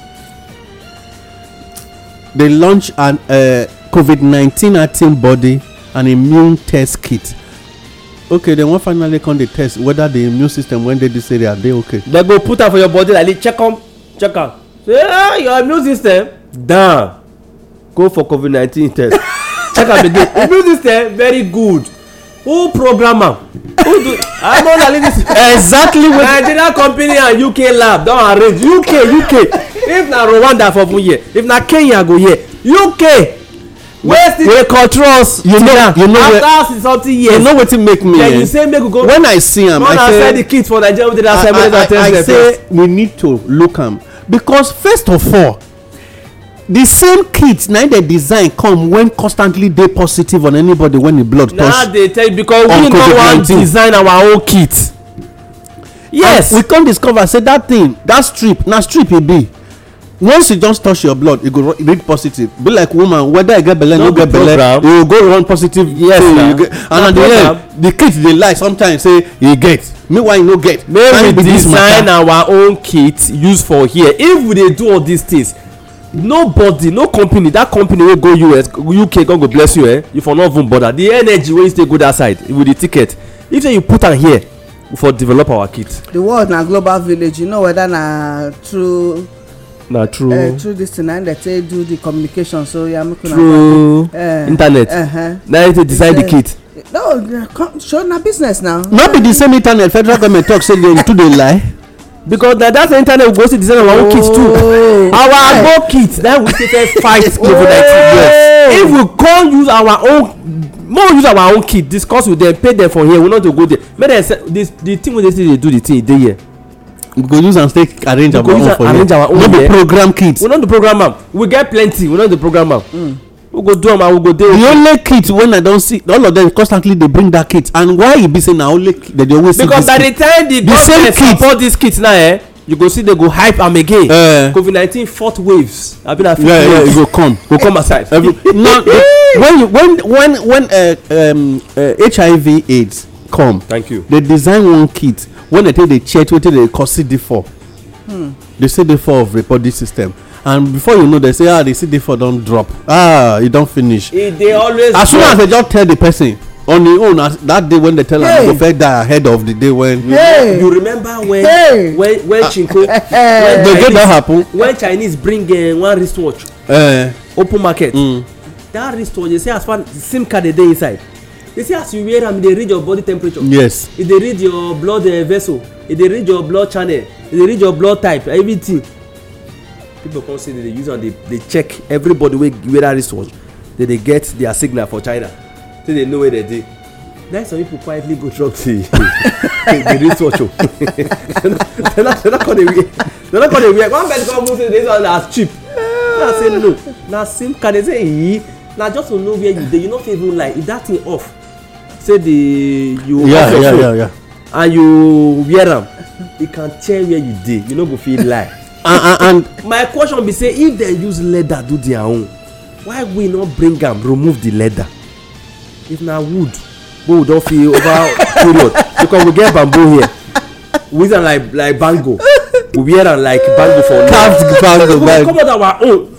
they launch an uh, covid 19 acting body and immune test kit okay then wan finally come the test whether the immune system wey dey this area dey okay. dem go put am for your body like dey check am check am say ah your immune system down go for covid nineteen test check am again immune system very good who program am who do i'm not only this. exactly what nigeria company and uk lab don arrange uk uk if na rwanda for bu year if na kenya go here uk wasting wey control us you know you know where after something years you know wetin make me then eh? you when i see am i say one sell the kids for nigeria i say we need to look am because first of all the same kit na dey design come when constantly dey positive on anybody when the blood touch na dey tell you because we no wan design our own kit yes and we come discover say that thing that strip na strip e be once e just touch your blood e go read positive be like woman whether I get belle no get belle e go run positive yes and at the end the kit dey lie sometimes say e get meanwhile e no get make we design our own kit use for here if we dey do all these things nobody no company that company wey go us uk god go bless you eh you for no even bother the energy wey you take go that side with the ticket if say you put am here for develop our kit.
the world na global village you know whether na through
na true. uh, through
this thing and they take do the communication so yeah make una through eh, uh, internet uh -huh. na you take design the kit. no show na business now.
no be the same internet federal government talk say dem too dey lie because na that internet we go see design our own kit too oh. our eh. agbo kit that we take fight covid nineteen yes if we come use our own more use our own kit discuss with dem pay dem for here we no dey go there make dem the the thing wey dey still dey do the thing e dey here we go use am take arrange our own for here no be program kit we no dey program am we get plenty we no dey program am hmm. we go do am and we go dey okay. the only kit wey i don see all of them constantly dey bring that kit and why e be say na only dem dey always see this kit because by the time the government support this kit now eh you go see they go hype am again eh. covid nineteen fourth waves abi na fifth yeah, waves yeah, go come go come aside every no when you when when when uh, um, uh, hiv aids come thank you they design one kit when they take the check wetin they call cd4 hmm. the cd4 of reporting system and before you know they say ah the cd4 don drop ah e don finish e dey always as soon as they just tell the person on im own as that day when they tell am go first die ahead of the day when. hey you remember when hey. when when chinko when don happen when chinese bring uh, one wristwatch uh, open market mm. that wristwatch dey say as far sim card dey dey inside they see as you wear am e dey read your body temperature. yes e dey read your blood uh, vessel e dey read your blood channel e dey read your blood type everything people come say they dey use am dey dey check everybody wey wear that wristwatch they dey get their signal for china say they know where they dey then some people quietly go drop the the wristwatch o they no they no come dey wear they no come dey wear one person come move say this one na cheap na say no na sim card they say ee na just to know where you dey you no fit even lie if that thing off say the you yeah, yeah, yeah, yeah. and you wear am e can tell where you dey you no go fit lie and, and and my question be say if dem use leather do their own why we no bring am remove the leather if na wood wey we don fit over period because we get bamboo here we use am like like bango we wear am like bango for now carved bango bango our own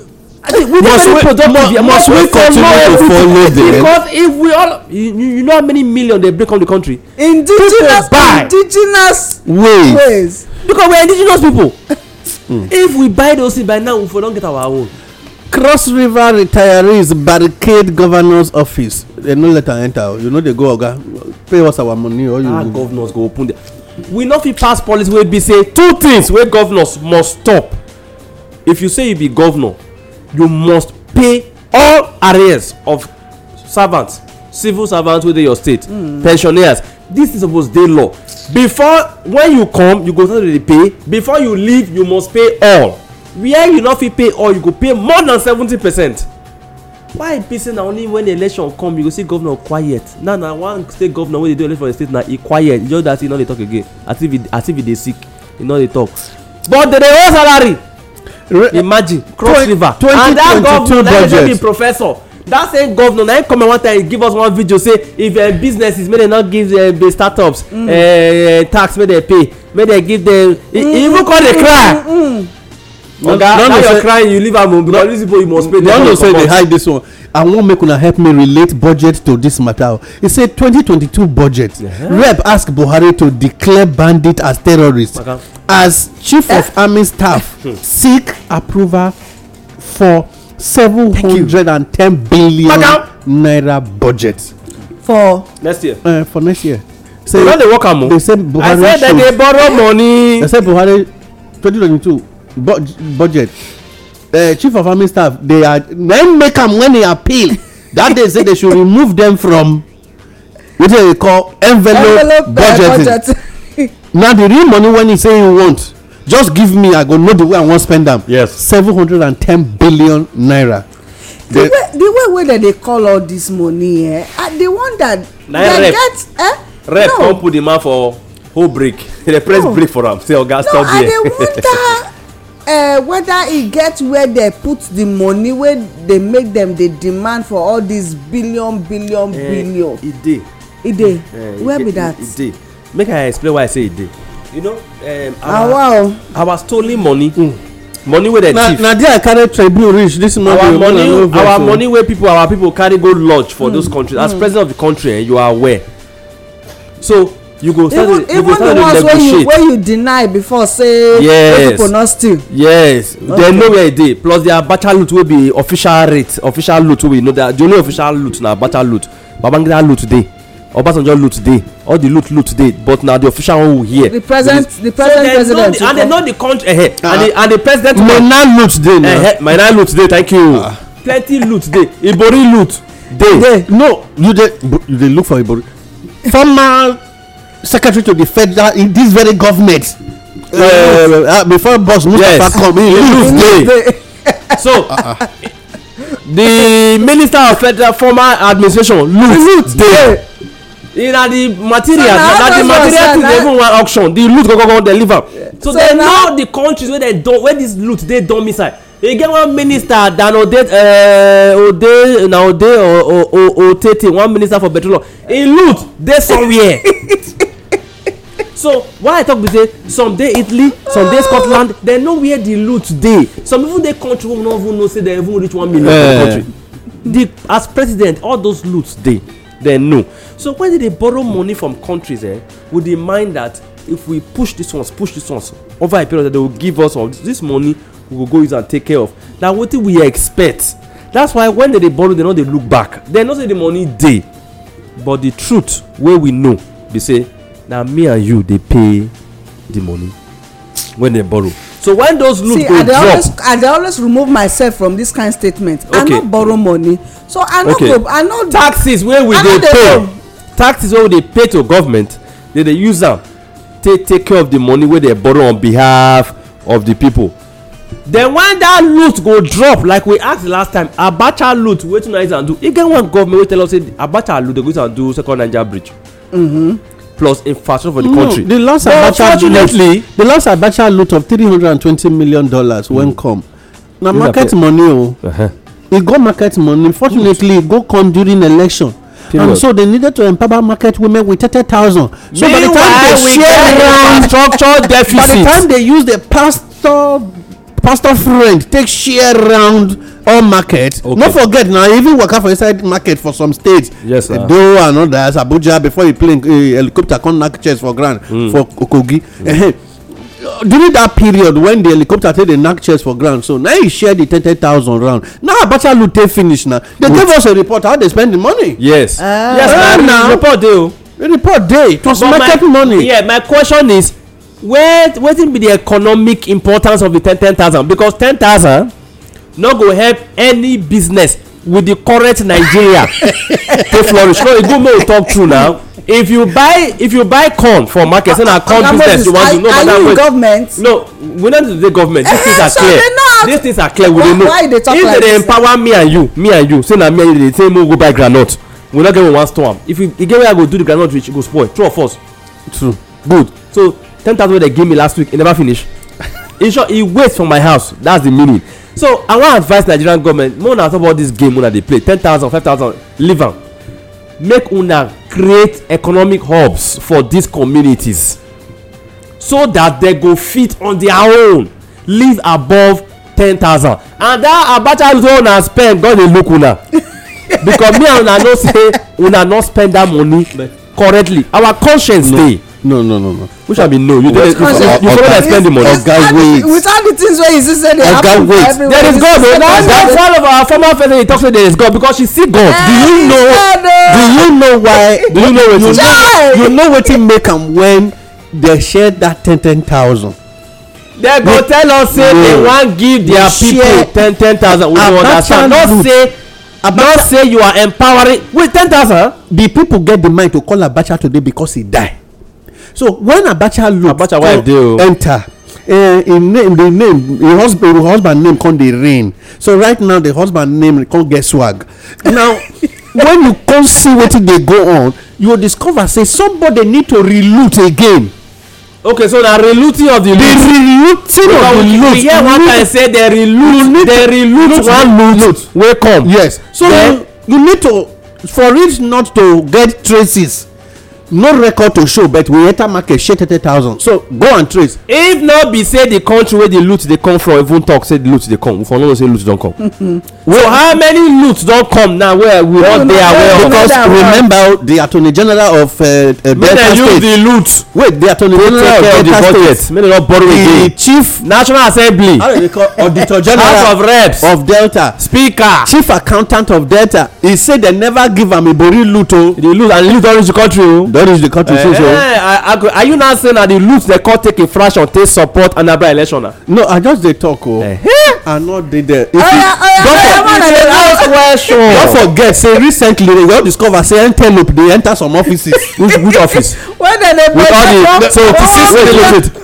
we must very productive here must we continue to follow them because if we all you, you know how many million dey break on the country indigenous indigenous ways. ways because we are indigenous people mm. if we buy those things by now we for don get our own. cross river retirees barricade governors office They no let am enter you no dey go oga pay us our money or you. our governors go open their we no fit pass policy wey be say two things wey governors must stop if you say you be governor you must pay all arrears of servants civil servants wey dey your state hmm. pensioners This is suppose dey law before when you come you go start to dey pay before you leave you must pay all where you no fit pay all you go pay more than seventy percent why e be say na only when election come you go see governor quiet now na one state governor wey dey do election for the state na e quiet just that he no dey talk again as if e dey sick e no dey talk but they dey hold salary imagine cross river and that governor na him be professor that same governor na him come one time give us one video say if uh, businesses make dem no give uh, the startups mm. uh, tax make dem pay make dem give dem e even come dey mm. cry. Mm.
oga now you're crying
you leave am o because these people you must pay them. no no say they hide this one i wan make una help me relate budget to this matter e say 2022 budget yeah. rep ask buhari to declare bandits as terrorists okay as chief of eh. army staff hmm. seek approval for seven hundred and ten billion naira budget. for next year. Uh, for next year. say so, no dey work am o. they say buhari i say dem dey borrow money. they say buhari twenty twenty two budget uh, chief of army staff they are na make am when they appeal that day say they should remove them from wetin they call envelope, envelope budgeting. budget na the real money when he say he want just give me i go know the way i wan spend am yes seven hundred and ten billion naira. the way
the way wey dem dey call all this money eh i dey wonder. na get, eh? rep no. come
put the man for whole break dey press no. break for am say oga stop there. no i dey wonder.
uh, whether e get where dey put the money wey dey make dem dey demand for all these
billion billion eh, billion. e dey. e dey eh, e where be e that. e dey make i explain why i say e dey you know um, our wow. our stolen money mm. money wey dem thief na there i carry tribune reach this money our money our money wey people our people carry go lodge for mm. those countries as mm. president of the country eh, you are aware so you go start even, to you go start to negotiate even the ones
wey you, you deny before say yes people no steal
yes okay. dem know where e dey plus their abacha loot wey be official rate official loot wey we know that the only official loot na abacha loot babangida loot dey obasanjo loot today. all the loot loot today. but na the official one we hear. the present the present so president no, and they know the country uh, and, uh-huh. the, and the president. mainland loot today. na uh, eh, mainland loot dey thank you ah. plenty loot today. ibori loot day. no you dey you dey look for ibori former secretary to the federal in this very government. Uh, uh, before boss mustapha come in loot dey. so uh-uh. the minister of federal former administration loot day na the material na the material thing dey even one auction the loot go go go deliver. so dem know the countries wey dem don wey this loot dey don inside e get one minister dan ode eh, ode na ode otete one minister for petroleum im loot dey somewhere so why i talk be say some dey italy some dey scotland dem know where the loot dey some even dey country wey we no even know say dem even reach one million for the eh. country the as president all those loot dey then no so when did they borrow money from countries eh with the mind that if we push this ones push this ones over a period that they will give us all this money we will go use and take care of Now what do we expect that's why when they borrow they know they look back they know say the money day, but the truth where we know they say now me and you they pay the money when they borrow so when those loans go drop see
i dey always remove myself from this kind statement i no borrow money so i no go i no
taxes wey we dey pay taxes wey we dey pay to government dem dey use am take take care of the money wey dem borrow on behalf of the people then when that loot go drop like we ask last time abacha loot wetin na use am do e get one government wey tell us say abacha loot dey go use am do second niger bridge. Mm -hmm plus infrastructure for the no, country. the last abacha loot the last abacha loot of three hundred and twenty million dollars mm. when hmm. come na market money o uh -huh. E go market money unfortunately e go come during election Period. and so they needed to empower market women with thirty thousand. so by the time they share the land by the time they use the pastor pastor friend take share round all market no forget na even waka for inside market for some states Yes, sir. edo and others abuja before you play eh, helicopter come knack chest for ground hmm. for kogi eh, during that period wen di helicopter take dey knack chest for ground so na he share the ten thousand round now abacha lute finish na They give us a report how they spend the money yes yes eh, na report dey o report dey plus market money yeah my question is Where wetin be the economic importance of the ten ten thousand because ten thousand no go help any business with the current nigeria to flourish no e good make we talk true now if you buy if you buy corn for market say na ah, corn ah, business you wan do no matter what government no we no dey government these things are clear these things are clear we dey know if they dey empower me and you me and you say na me and you dey say make we go buy groundnut we no get we wan store am if you get where i go do the groundnut reach go spoil true or false true good so ten thousand wey dem give me last week e never finish in short e waste for my house that's the meaning so i wan advise nigerian government make una talk about this game una dey play ten thousand five thousand leave am make una create economic hubs for these communities so that they go fit on their own live above ten thousand and that abacha wey una spend god dey look una because me and una know say una no spend that money correctly our conscience no no no no no which one be no you dey you follow dey spend the money oga wait
With all the things wey you see say dey happen for everywhere there is god o that's one of
our former friends. president talk say there is god because she see god do you eh, know eh, do you know why do you know wetin you know wetin make am when dey share that ten ten thousand they go tell us say they wan give their people ten ten thousand we no understand not say not say you are empowering wait ten thousand. the people get the mind to call abacha today because he die so when abacha look abacha wife dey enter him eh, name the name him husband husband name come dey reign so right now the husband name come get swag now when you come see wetin dey go on you go discover say somebody need to reloot again okay so na relooting of the loot the reluting of the loot we hear one time say they reloot they reloot one loot wey come yes so you need to for it not to get traces no record to show but we enter market share thirty thousand so go and trace if no be say the country wey the loot dey come from even talk say the loot dey come we for no know say loot don come so how many loot don come now wey we all dey aware of because remember the attorney general of uh, uh, delta state use the loot wait the attorney general of delta state make again the chief national assembly auditor general house of reps of delta speaker chief accountant of delta he say dem never give am ibori loot o oh. the loot and the loot don reach the country o. Oh what is the country eh, so so. Eh, are you now saying na the loops dey come take infraction take support anambra election na. Ah? no i just dey talk o oh. eh. i no dey there. if you
don forget
forget say recently we don discover say antelope dey enter some offices which which office.
when dem dey break down so to see say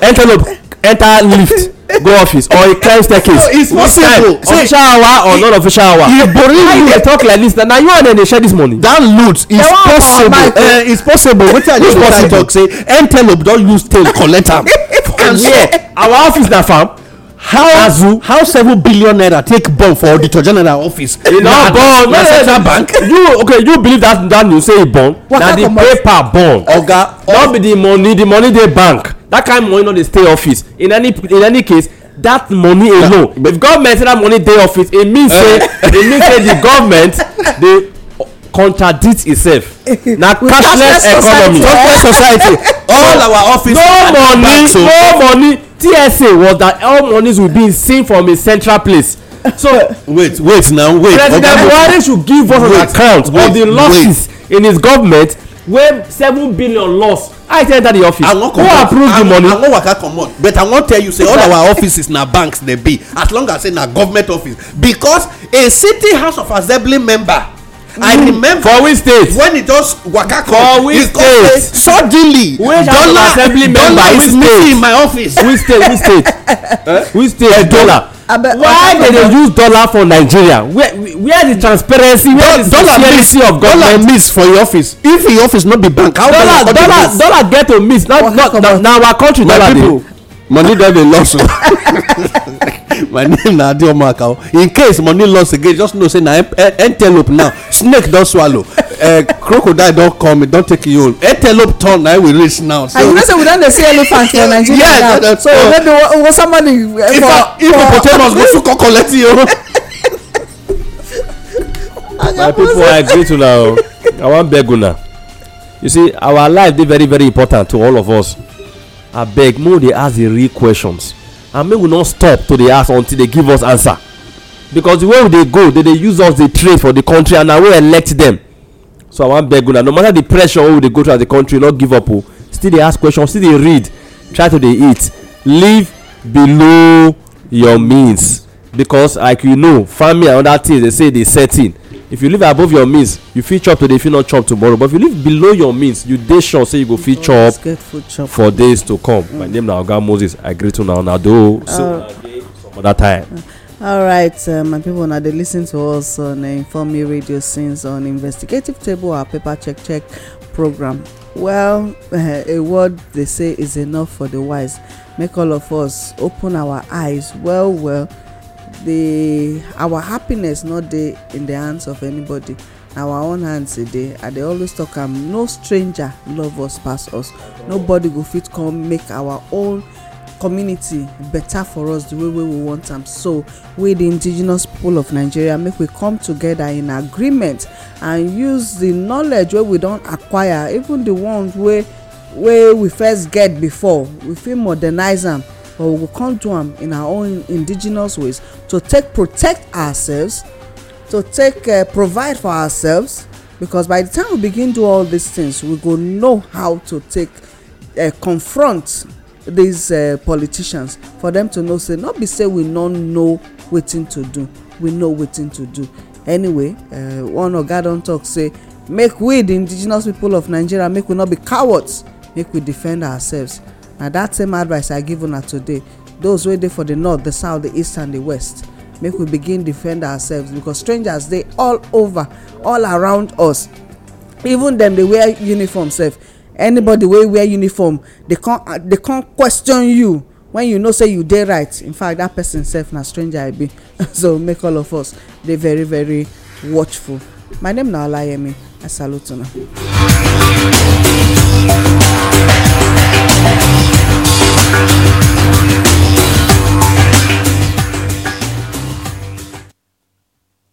antelope enter lift go office or a climb staircase no, it's possible time official hour or non-official hour why you dey talk like this na you and dem dey share this money. that loot is possible uh, it's possible wetin i just want to talk say ntelop don use tail collect am and yeah our office na farm. how Azu. how seven billion naira take burn for auditor general office. e no burn na central bank. you okay you believe that that news say e burn. na the paper burn. oga no be the money the money dey bank that kind of money no dey stay office in any in any case that money alone yeah, if government say that money dey office e mean say e mean say the government dey contradict itself na cashless economy cashless society all our offices no money no money tsa was that all monies will be seen from a central place so wait wait now wait president buhari should give us wait, an account wait, of the losses wait. in his government wey seven billion loss i tell that the office who approve the money i wan waka comot but i wan tell you say all our offices na banks dey be as long as say na government office because a city house of assembly member i hmm. remember for which state when e just waka come for which state suddenly dollar dollar is missing in my office which state which state eh? which state eh, dollar why dem dey use dollar for nigeria where where the transparency where the transparency of government dollar miss for your office if your office no be bank how dollar dollar dollar get to miss Not na our country dollar dey money don dey lost o my name na adioma akao oh. in case money loss again just know say na antelope eh, now snake don swallow eh, crocodile don come e don take you own antelope turn na we reach now so and you know say we don
dey see elephant for nigeria now so maybe
we somebody for hippopotamus go
too come collect you my people i greet una o i wan beg una you see our life dey very very important to all of us abeg make we dey ask the real questions and make we no stop to dey ask until they give us answer because the way we dey go they dey use us dey trade for the country and na we elect them so i wan beg una no matter the pressure wey we dey go through as a country no give up o still dey ask questions still dey read try to dey eat live below your means because like you know farming and other things dey say dey settle if you live above your means you fit chop today if you fit not chop tomorrow but if you live below your means you dey sure say you go fit chop for days to come my mm. name na oga moses i greet una una do so some other time uh,
All alright uh, my people. na dey listen to us on inform me radio since on investigative table our paper check check program well a word they say is enough for the wise make all of us open our eyes well well the our happiness no dey in the hands of anybody our own hands e dey i dey always talk am um, no stranger love us pass us nobody go fit come make our own community better for us the way wey we want am so we the indigenous people of nigeria make we come together in agreement and use the knowledge wey we don acquire even the ones wey wey we first get before we fit modernize am but we go come do am in our own indigenous ways to take protect ourselves to take uh, provide for ourselves because by the time we begin do all these things we go know how to take uh, confront these uh, politicians for them to know say no be say we no know wetin to do we know wetin to do anyway uh, one oga don talk say make we the indigenous people of nigeria make we no be cowards make we defend ourselves na dat same advice i give una today those wey dey for the north the south the east and the west make we begin defend ourselves because strangers dey all over all around us even dem dey wear uniform sef anybody wey wear uniform dey come question you when you know say you dey right in fact that person sef na stranger i be so make all of us dey very very watchful my name na olayemi i salute una. Thank